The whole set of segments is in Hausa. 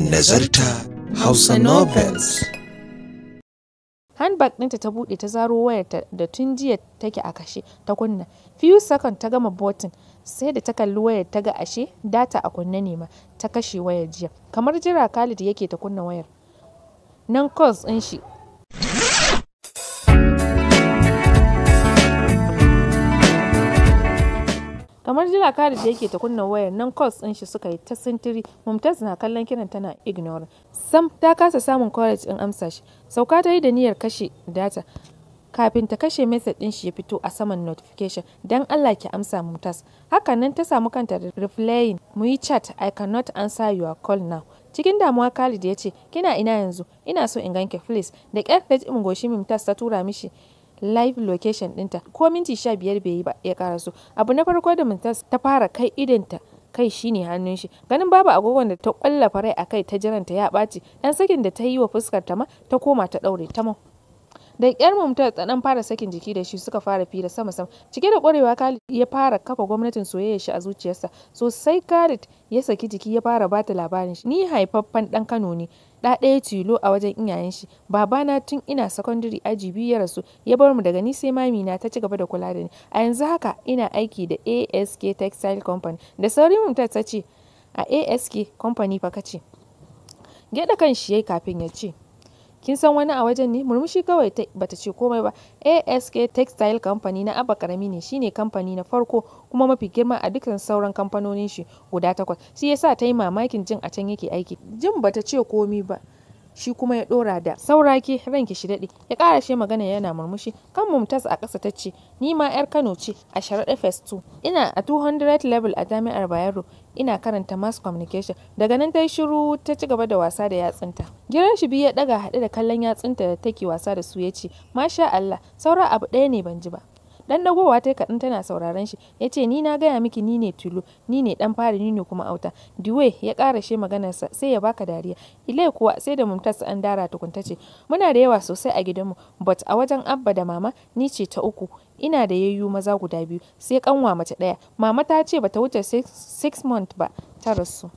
nazarta Hausa Novels. Handbag ɗinta ta buɗe ta zaro wayarta da tun jiya take a kashe ta kunna. Few second ta gama botin sai da ta kalli wayar ta ga ashe data a kunne ne ma ta kashe wayar jiya. Kamar jira Khalid yake ta kunna wayar. Nan kos ɗin shi kamar jira kari da yake ta kunna wayar nan calls din shi suka yi ta sintiri mumtaz na kallon kiran tana ignore sam ta kasa samun courage din amsa shi sauka ta yi da niyyar kashe data kafin ta kashe message din shi ya fito a saman notification dan Allah ki amsa mumtaz hakan nan ta samu kanta replying mu yi chat i cannot answer your call now cikin damuwa Khalid ya ce kina ina yanzu ina so in ganke please da kyar da in goshi mumtaz ta tura mishi live location ɗinta ko minti sha biyar bai yi ba ya karaso abu na farko da mumtaz ta fara kai idanta kai shine hannun shi ganin babu agogon da ta kwallafa rai kai ta jiranta ya ɓaci dan sakin da ta yi wa fuskar ta ma ta koma ta ɗaure ta mau da yar mumtar ta fara sakin jiki da shi suka fara fira sama sama cike da kwarewa kali ya fara kafa gwamnatin soyayya shi a zuciyarsa sosai Khalid ya saki jiki ya fara bata labarin shi ni haifaffen dan Kano ne ɗa ɗaya tilo a wajen iyayen shi, babana tun ina sakandare aji biyu ya rasu ya bar mu daga ni sai mamina ta ci gaba da kula da ni. A yanzu haka ina aiki da ASK Textile Company. Da sauri mun ta ce a ASK Company fa kace. Gyaɗa kan shi yayi kafin ya ce. kin san wani a wajen ne murmushi kawai bata ce komai ba ask textile company na abba karami ne shine kamfani na farko kuma mafi girma a dukkan sauran kamfanonin shi guda takwas shi yasa ta yi mamakin jin a can yake aiki jin bata ce komi ba shi kuma ya dora da sauraki ranki shi daɗe ya karashe magana yana murmushi kan mumtaz a ƙasa ta ce ni ma yar kano ce a sharaɗa Fs 2 ina a 200 level a jami'ar bayero ina karanta mass communication daga nan ta yi shiru ta ci gaba da wasa da yatsunta giran shi biyu ya ɗaga haɗe da kallon yatsunta da take wasa da su ya ce masha allah saura abu ɗaya ne ban ji ba Dan dagowa ta kadan tana sauraron shi. Ya ce, Ni na gaya miki ni ne tulu ni ne dan fara ni ne kuma auta. Diwe ya she maganarsa sai ya baka dariya. Ile kuwa sai da Mumtaz an dara tukunta ce, Muna da yawa sosai a mu but a wajen Abba da Mama ni ce ta uku. Ina da yayyu maza guda biyu, sai kanwa mace ɗaya. Mama ta ce bata wuce six month ba ta rasu.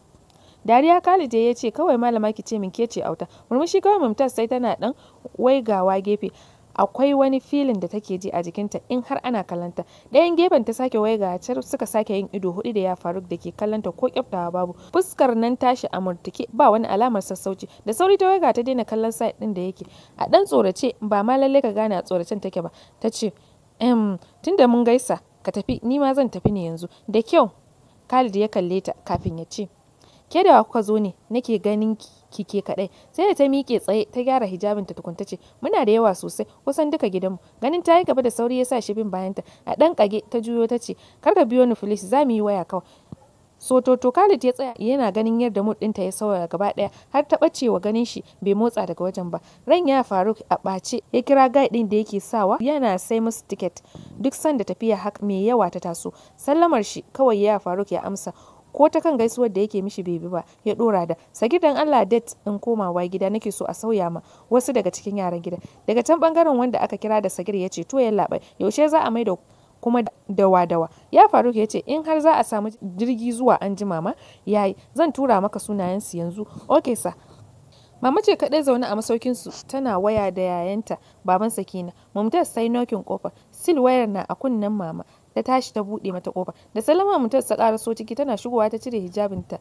Dariya kalije ya ce kawai malama ki ce min ke ce auta. Murmushi kawai Mumtaz sai tana dan waigawa gefe. akwai wani filin da take ji a jikinta in har ana kallanta ɗayan gefen ta sake waiga car suka sake yin ido hudu da ya faru da ke kallonta ko kyaftawa babu fuskar nan tashi a murtuke ba wani alamar sassauci da sauri ta waiga ta daina kallon sa din da yake a dan tsorace ba ma lalle ka gane a tsoracen take ba ta ce tunda mun gaisa ka tafi ni ma zan tafi ne yanzu da kyau Khalid ya kalle ta kafin ya ce Ke da kuka zo ne nake ganin ki ke kaɗai. Sai da ta miƙe tsaye ta gyara hijabinta ta ta ce muna da yawa sosai kusan duka gidanmu. Ganin ta yi gaba da sauri ya sa shi bin bayanta. A ɗan kage ta juyo ta ce kar ka biyo ni filis za mu yi waya kawai. Sototo Khalid ya tsaya yana ganin yadda mood ɗinta ya sauya gaba ɗaya har ta wa ganin shi bai motsa daga wajen ba. Ran ya faru a ɓace ya kira guide ɗin da yake sawa yana sai musu tiket duk sanda tafiya haka mai yawa ta taso. Sallamar shi kawai ya faru ya amsa ko ta kan gaisuwar da yake mishi bebe ba ya dora da sagi dan Allah date in komawa gida nake so a sauya ma wasu daga cikin yaran gida daga can bangaren wanda aka kira da sagir ya ce to ya labai yaushe za a maida kuma dawa-dawa ya faru ya ce in har za a samu jirgi zuwa an ji mama yayi zan tura maka sunayensu yanzu okesa sa Mama ce kaɗai zaune a masaukin su tana waya da yayanta baban Sakina. Mumtaz sai nokin kofar. Sil wayar na a kunnen mama. ta tashi ta buɗe mata kofa da salama mutar ta so ciki tana shigowa ta cire hijabin ta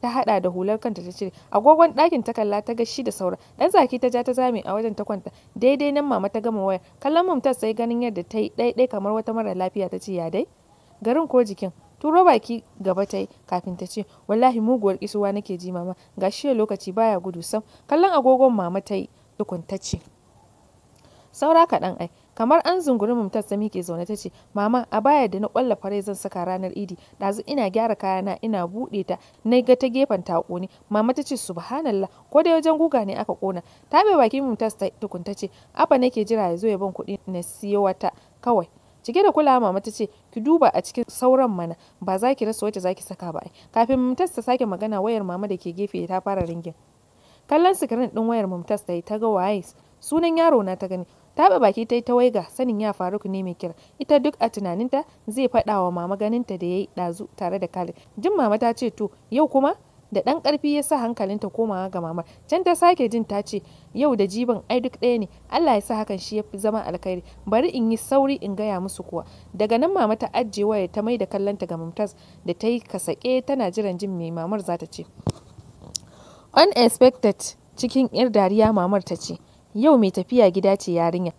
ta hada da hular kanta ta cire agogon ɗakin ta kalla ta ga shi da saura dan zaki ta ja ta zame a wajen ta kwanta daidai nan mama ta gama waya kallon mamtar sai ganin yadda ta yi ɗaiɗai kamar wata mara lafiya ta ce ya dai garin ko jikin turo baki gaba ta yi kafin ta ce wallahi muguwar kisuwa nake ji mama ga shi lokaci baya gudu sam kallon agogon mama ta yi tukun ta ce saura kaɗan ai kamar an zunguri mumtaz ta miƙe zaune ta ce mama a baya da na kwalla fare zan saka ranar idi ɗazu ina gyara kayana ina buɗe ta na ga ta gefen ta ƙone mama ta ce subhanallah ko da wajen guga ne aka ƙona ta bai baki mumtaz ta tukunta ce abba nake jira ya zo ya ban kuɗi na siyo wata kawai cike da kula mama ta ce ki duba a cikin sauran mana ba za ki rasa wacce za ki saka ba kafin mumtaz ta sake magana wayar mama da ke gefe ta fara ringin kallon sikirin ɗin wayar mumtaz ta yi ta ga waye sunan yaro na ta gani taɓa baki ta yi ta waiga sanin ya faruk ne mai kira ita duk a tunaninta zai faɗa wa mama ganinta da ya yi ɗazu tare da khalid jin mama ta ce to yau kuma da ɗan ƙarfi ya sa hankalinta komawa ga mama. can ta sake jin ta ce yau da jiban ai duk ɗaya ne allah ya sa hakan shi ya fi zama alkhairi bari in yi sauri in gaya musu kuwa daga nan mama ta ajiye waya ta mai da kallonta ga mumtaz da ta yi kasake tana jiran jin mai mamar za ta ce unexpected cikin 'yar dariya mamar ta ce Yau mai tafiya gida ce yarinya.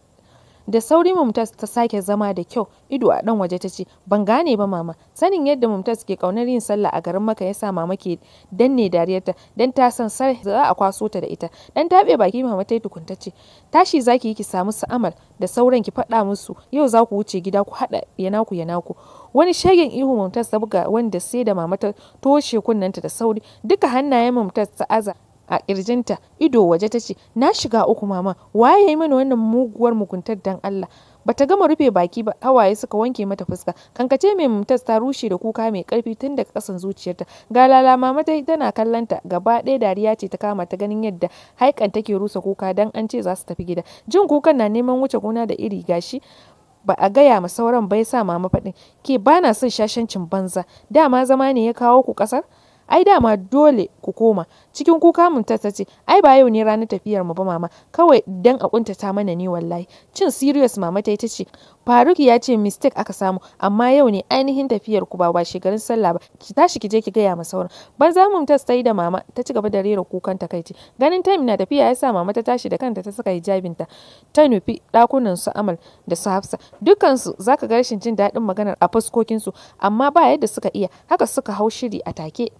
Da sauri Mumtaz ta sake zama da kyau, ido a dan waje ta ce, Ban gane ba mama, sanin yadda Mumtaz ke kaunar yin sallah a garin maka ya sa mama ke danne dariyarta, dan ta san sar za a kwaso ta da ita. Dan taɓe baki mama ta yi tukunta ce, Tashi zaki yi ki samu sa'amar da sauran ki faɗa musu, yau za ku wuce gida ku haɗa yanaku yanaku. wani shagen ihu mumtaz ta buga wanda sai da mama ta toshe kunnanta da sauri duka hannayen mumtaz ta aza a ƙirjinta ido waje ta ce na shiga uku mama waye ya yi mana wannan muguwar muguntar dan Allah Ba ta gama rufe baki ba hawaye suka wanke mata fuska kankace mai mutas ta rushe da kuka mai karfi tun daga kasan zuciyarta ga lala mama ta tana kallanta gaba ɗaya dariya ce ta kama ta ganin yadda haikan take rusa kuka dan an ce za su tafi gida jin kukan na neman wuce gona da iri gashi ba a gaya ma sauran bai sa mama faɗin ke bana son shashancin banza dama zama ne ya kawo ku ƙasar Ai dama dole ku koma. Cikin kuka mun ta ce, Ai ba yau ne ranar tafiyar mu ba mama, kawai dan a kuntata mana ne wallahi. Cin serious mama ta ta ce, Faruk ya ce mistake aka samu, amma yau ne ainihin tafiyar ku ba washe garin sallah ba. Ki tashi ki je ki gaya ma sauran. Banza mu ta yi da mama ta ci gaba da rera kukan ta takaici. Ganin time na tafiya ya sa mama ta tashi da kanta ta saka hijabinta. Ta ta nufi ɗakunan su Amal da su Hafsa. su zaka ga rashin jin dadin maganar a fuskokinsu, amma ba yadda suka iya, haka suka hau shiri a take.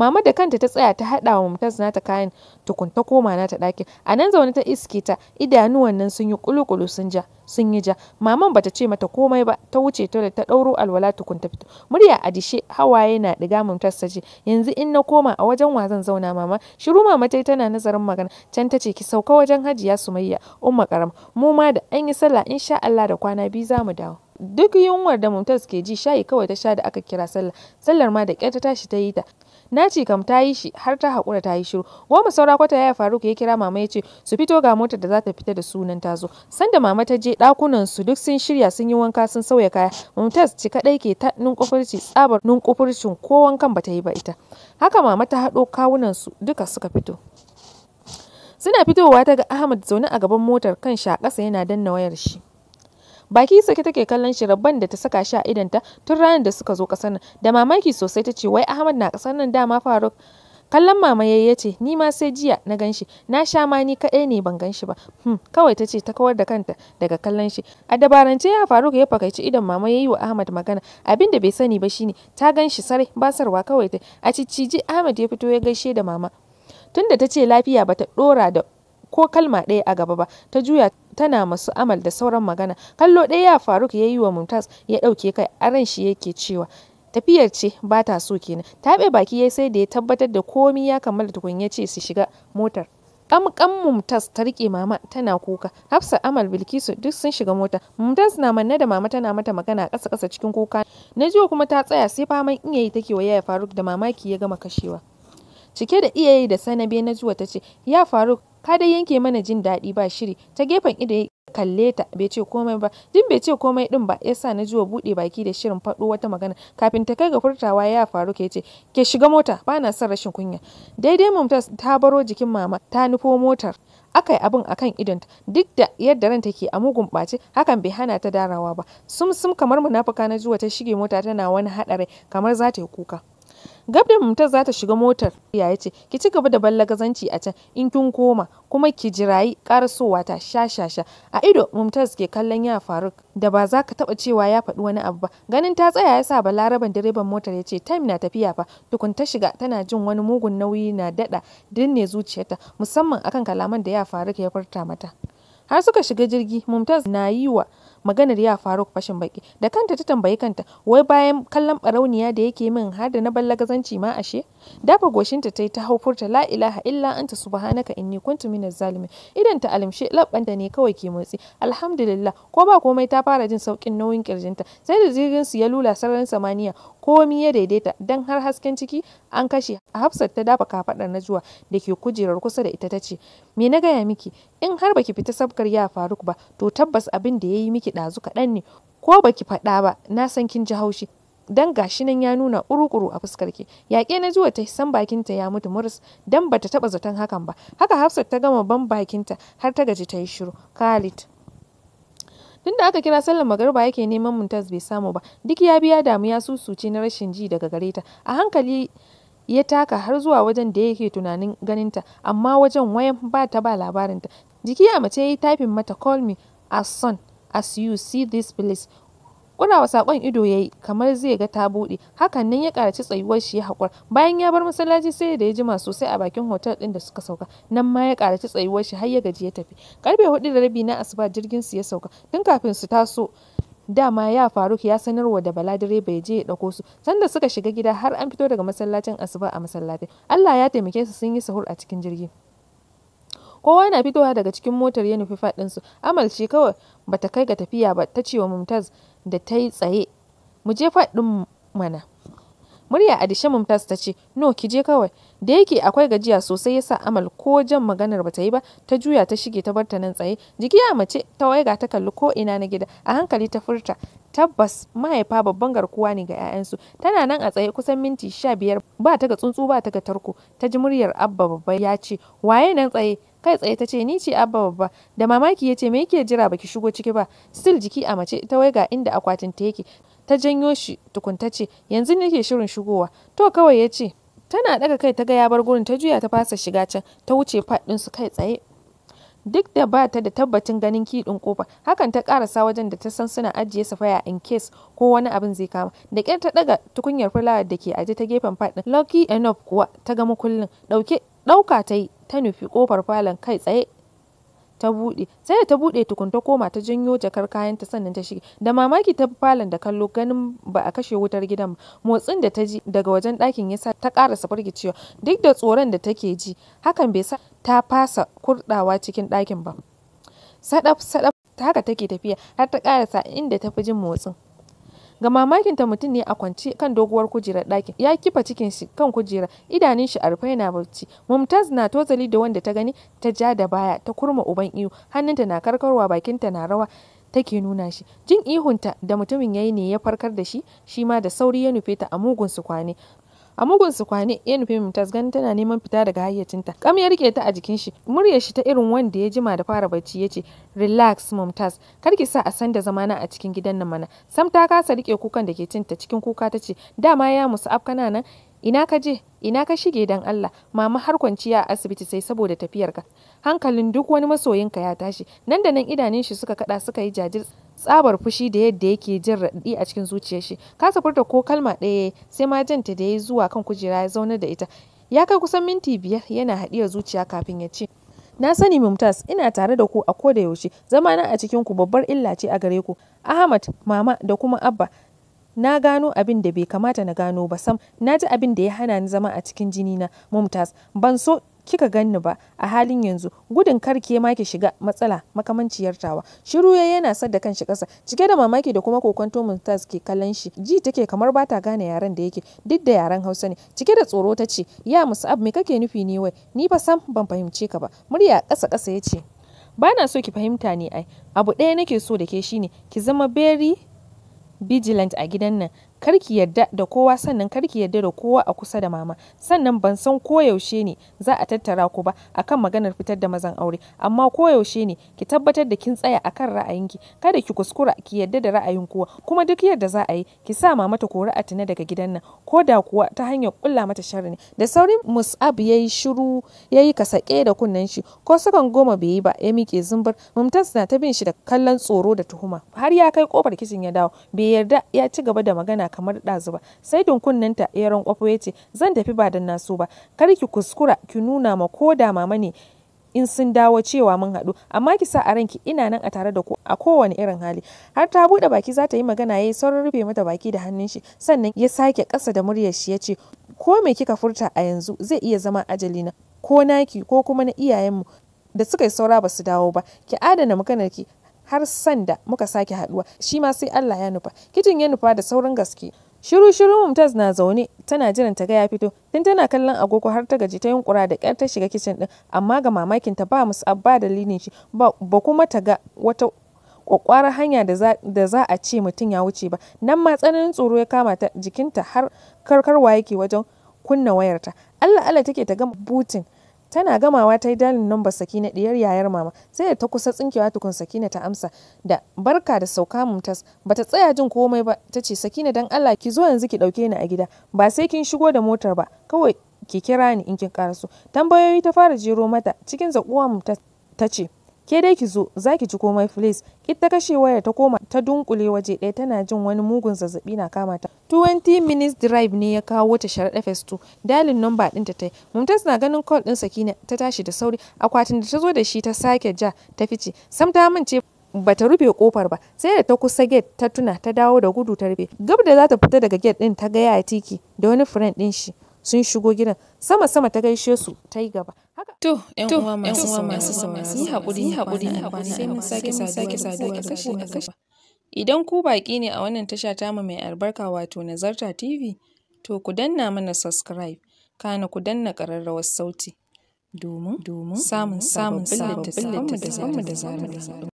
Mama da kanta ta tsaya ta haɗa wa Mumtaz nata kayan tukun ta koma nata ɗakin. A nan zaune ta iske ta idanuwan nan sun yi kulukulu sun ja sun yi ja. Maman bata ce mata komai ba ta wuce ta da ta ɗauro alwala tukun ta fito. Murya a dishe hawaye na ɗiga Mumtaz ta ce yanzu in na koma a wajen wa zan zauna mama. Shiru mama tai tana nazarin magana can ta ce ki sauka wajen Hajiya Sumayya Umma Karam mu ma da an yi sallah insha Allah da kwana biyu za mu dawo. Duk yunwar da Mumtaz ke ji shayi kawai ta sha da aka kira sallah, sallar ma da ƙyar ta tashi ta yi ta. Naci kam ta yi shi har ta haƙura ta yi shiru. Goma saura kwata ya Faruk ya kira mama ya ce su fito ga motar da za ta fita da sunan ta zo. Sanda mama ta je ɗakunan su duk sun shirya sun yi wanka sun sauya kaya. Mumtaz ci kaɗai ke ta nunkufurci tsabar nunkufurcin ko wankan ta yi ba ita. Haka mama ta haɗo kawunan su duka suka fito. Suna fitowa ta ga Ahmad zaune a gaban motar kan shi a yana danna wayar shi. baki sake take kallon shi rabban da ta saka shi a ta tun ranar da suka zo kasar nan da mamaki sosai ta ce wai ahmad na kasar nan dama faruk kallon mama ya ce ni ma sai jiya na ganshi na sha ma ni kaɗai ne ban ganshi ba hmm, kawai ta ce ta kawar da kanta daga kallon shi a dabarance ya faruk ya fakaici idan mama ya wa ahmad magana abin da bai sani ba shine ta gan shi sarai basarwa kawai ta a ciciji ahmad ya fito ya gaishe da mama tunda ta ce lafiya bata ɗora da ko kalma ɗaya a gaba ba ta juya tana masu amal da sauran magana kallo ɗaya ya faruk ya yi wa mumtaz ya ɗauke kai a ran shi yake cewa tafiyar ce ba ta so kenan taɓe baki ya sai da ya tabbatar da komi ya kammala tukun ya ce su shiga motar Ƙanƙan mumtaz ta riƙe mama tana kuka hafsa amal bilkisu duk sun shiga mota mumtaz na manne da mama tana mata magana ƙasa ƙasa cikin kuka na jiwa kuma ta tsaya sai faman iyayi take wa yaya faruk da mamaki ya gama kashewa cike da iyayi da sanabe na jiwa ta ce ya faruk ka dai yanke mana jin daɗi ba shiri ta gefen ido ya kalle ta bai ce komai ba jin bai ce komai din ba yasa na ji wa buɗe baki da shirin faɗo wata magana kafin ta kai ga furtawa ya faru ke ce ke shiga mota ba na son rashin kunya daidai mumtaz ta baro jikin mama ta nufo motar aka yi abin akan kan idonta duk da yadda ran take a mugun ɓace hakan bai hana ta darawa ba sum sum kamar munafuka na jiwa ta shige mota tana wani haɗari kamar za ta yi kuka gabin mutar Mumtaz za ta shiga motar, ya ce, ki ci gaba da ballagazanci a can in kin koma, kuma ki jirayi karasowa ta shashasha A ido Mumtaz ke kallon ya Faruk da ba za ka taba cewa ya faɗi wani abu ba. Ganin ta tsaya ya sa Balaraban direban motar ya ce time na tafiya fa. Tukun ta shiga tana jin wani mugun nauyi na dada dinne zuciyarta musamman akan kalaman da ya Faruk ya furta mata. Har suka shiga jirgi Mumtaz na yi wa maganar ya faruk fashin baki da kanta ta tambayi kanta wai bayan kallon barauniya da yake min har da na ballagazanci ma ashe dafa goshinta ta yi ta haufurta la ilaha illa anta subhanaka inni kuntu minaz zalimin idan ta alimshe labban ne kawai ke motsi alhamdulillah ko ba komai ta fara jin saukin nauyin kirjinta sai da jirgin su ya lula sararin samaniya komi ya daidaita dan har hasken ciki an kashe hafsat ta dafa kafadar juwa da ke kujerar kusa da ita ta ce me na gaya miki in har baki fita sabkar ya faruk ba to tabbas abin da ya yi miki miki ɗazu kaɗan ne ko baki faɗa ba na san kin ji haushi dan gashi nan ya nuna urukuru a fuskar ki yaƙe na zuwa ta san bakinta ya mutu muris dan bata taba zaton hakan ba haka hafsat ta gama ban bakinta har ta gaji ta yi shiru khalid tunda aka kira sallar magarba yake neman mumtaz bai samu ba duk ya biya damu ya susuce na rashin ji daga gare ta a hankali ya taka har zuwa wajen da yake tunanin ganinta amma wajen wayan ba ta ba labarinta jiki a mace ya yi tafin mata call me a son As you see this place, ƙurawa sakon ido yayi kamar zai ga ta bude hakan nan ya karaci tsayuwar shi ya bayan ya bar masallaci sai da ya jima sosai a bakin hotel din da suka sauka nan ma ya karaci tsayuwar shi har ya gaji ya tafi karfe hudu da rabi na asuba jirgin su ya sauka tun kafin su taso dama ya faruk ya sanarwa da bala direba ya je ya dauko su sanda suka shiga gida har an fito daga masallacin asuba a masallacin allah ya taimake su sun yi sahur a cikin jirgi kowa yana fitowa daga cikin motar ya nufi faɗinsu amal ce kawai ta kai ga tafiya ba ta ce mumtaz da ta yi tsaye mu je faɗin mana murya a dishe mumtaz ta ce no ki je kawai da yake akwai gajiya sosai yasa amal ko jan maganar ba ta yi ba ta juya ta shige ta barta nan tsaye jiki a mace ta waiga ta kalli ko ina na gida a hankali ta furta tabbas mahaifa babban garkuwa ne ga 'ya'yansu tana nan a tsaye kusan minti sha biyar ba ta ga tsuntsu ba ta ga tarko ta ji muryar abba babba ya ce waye nan tsaye Kai tsaye ta ce, Ni ce Abba babba. Da mamaki ya ce, Me yake jira baki shigo ciki ba? Still jiki a mace ta ga inda akwatin ta yake. Ta janyo shi tukunta ce, Yanzu nake shirin shigowa. To kawai ya ce, Tana daga kai ta ga ya bar gurin ta juya ta fasa shiga can ta wuce faɗin su kai tsaye. duk da ba ta da tabbacin ganin kiɗin kofa hakan ta karasa wajen da ta san suna ajiye safaya in case ko wani abin zai kama da ƙyar ta daga tukunyar fulawar da ke aje ta gefen faɗin lucky enough kuwa ta ga mukullin ɗauke ɗauka ta yi ta nufi ƙofar falon kai tsaye ta buɗe sai da ta buɗe tukun ta koma ta janyo jakar kayanta sannan ta shige da mamaki ta falon da kallo ganin ba a kashe wutar gidan ba motsin da ta ji daga wajen ɗakin ya sa ta ƙarasa cewa duk da tsoron da take ji hakan bai sa ta fasa kurɗawa cikin ɗakin ba sadaf sadaf haka take tafiya har ta ƙarasa inda ta fi jin motsin ga mamakinta mutum ne a kwance kan doguwar kujerar ɗakin ya kifa cikin shi kan kujera idanun shi a rufe yana barci mumtaz na tozali da wanda ta gani ta ja da baya ta kurma uban iyo hannunta na karkarwa bakinta na rawa take nuna shi jin ihunta da mutumin yayi ne ya farkar da shi shi ma da sauri ya nufe ta a mugun su kwane a mugun su kwane ya nufi mumtaz ganin tana neman fita daga hayyacinta kam ya rike ta a jikin shi murya shi ta irin wanda ya jima da fara bacci ya ce relax mumtaz kar ki sa a san da zamana a cikin gidan nan mana sam ta kasa rike kukan da ke cinta cikin kuka ta ce dama ya musu afkana nan ina ka je ina ka shige dan Allah mama har kwanciya a asibiti sai saboda tafiyarka hankalin duk wani masoyinka ya tashi nan da nan idanun shi suka kada suka yi jajir tsabar fushi da yadda yake jin raɗi a cikin zuciyar shi kasa furta ko kalma ɗaya sai ma janta da ya zuwa kan kujera ya zaunar da ita ya kai kusan minti biyar yana haɗiyar zuciya kafin ya ce na sani mumtaz ina tare da ku a ko da yaushe zama na a cikin ku babbar illa ce a gare ku ahmad mama da kuma abba na gano abin da bai kamata na gano ba sam na ji abin da ya hana ni zama a cikin jini na mumtaz ban so kika ganni ba a halin yanzu gudun kar ke ma ki shiga matsala makamanciyar tawa shiru yayi yana sadda kanshi kasa cike da mamaki da kuma kokonto Mumtaz ke kallon shi ji take kamar bata gane yaren da yake duk da yaren Hausa ne cike da tsoro ta ce ya Musab me kake nufi ne wai ni fa san ban fahimce ka ba murya kasa kasa yace ba na so ki fahimta ne ai abu ɗaya nake so da ke shine ki zama beri vigilant a gidan nan kar ki yadda da kowa sannan karki ki yadda da kowa a kusa da mama sannan ban san koyaushe ne za a tattara ku ba akan maganar fitar da mazan aure amma koyaushe ne ki tabbatar da kin tsaya akan ra'ayinki kada ki kuskura ki yadda da ra'ayin kowa kuma duk yadda za a yi ki sa mama ta kori a tuna daga gidan nan ko da kuwa ta hanyar kulla mata sharri ne da saurin mus'ab yayi shiru yayi kasake da kunnen shi ko sakan goma bai yi ba ya miƙe zumbur mumtaz na ta bin shi da kallon tsoro da tuhuma har ya kai kofar kicin ya dawo bai yarda ya ci gaba da magana kamar ɗazu ba sai dunkunnenta ya rankwafo ya ce zan tafi ba da naso ba kar ki kuskura ki nuna ma ko da mama ne in sun dawo cewa mun haɗu amma ki sa a ranki ina nan a tare da ku a kowane irin hali har ta buɗe baki za ta yi magana yayi saurin rufe mata baki da hannun shi sannan ya sake ƙasa da muryar shi ya ce ko me kika furta a yanzu zai iya zama ajali na ko naki ko kuma na iyayenmu da suka yi saura ba su dawo ba ki adana maganar ki har sanda muka sake haduwa shi ma sai Allah ya nufa kitchen ya nufa da saurin gaske shiru shiru mumtaz na zaune tana jiran ta ga ya fito tun tana kallon agogo har ta gaji ta yunkura da kyar ta shiga kicin din amma ga mamakin ta ba musu abba dalilin shi ba kuma ta ga wata kwakwarar hanya da za a ce mutum ya wuce ba nan ma tsananin tsoro ya kama ta jikinta har karkarwa yake wajen kunna wayarta Allah Allah take ta gama butin tana gamawa ta yi dalin numbar sakina ɗiyar yayar mama sai da ta kusa tsinkewa tukun sakina ta amsa da barka da sauka mumtas bata tsaya jin komai ba ta ce sakina dan allah ki zo yanzu ki ɗauke ni a gida ba sai kin shigo da motar ba kawai ki kira ni in kin karaso tambayoyi ta fara jero mata cikin zakuwa mumtas ta ce ke dai ki zo za ki ji komai please ki ta kashe wayar ta koma ta dunkule waje ɗaya tana jin wani mugun zazzabi na kama ta 20 minutes drive ne ya kawo ta sharaɗa fes 2 dalin number ɗin ta tai mumtaz na ganin call ɗin sakina ta tashi da sauri akwatin da ta zo da shi ta sake ja ta fice sam ta mance ta rufe kofar ba sai da ta kusa gate ta tuna ta dawo da gudu ta rufe gab da za ta fita daga gate ɗin ta gaya ya tiki da wani friend ɗin shi sun shigo gidan sama sama ta gaishe su ta yi gaba to yan uwa masu saurari yi haƙuri yi haƙuri yi haƙuri sai mun sake sake saduwa kashi a kashi idan ku baƙi ne a wannan tasha tamu mai albarka wato nazarta tv to ku danna mana subscribe kana ku danna ƙararrawar sauti domin samun samun sababbin littattafan da zamu da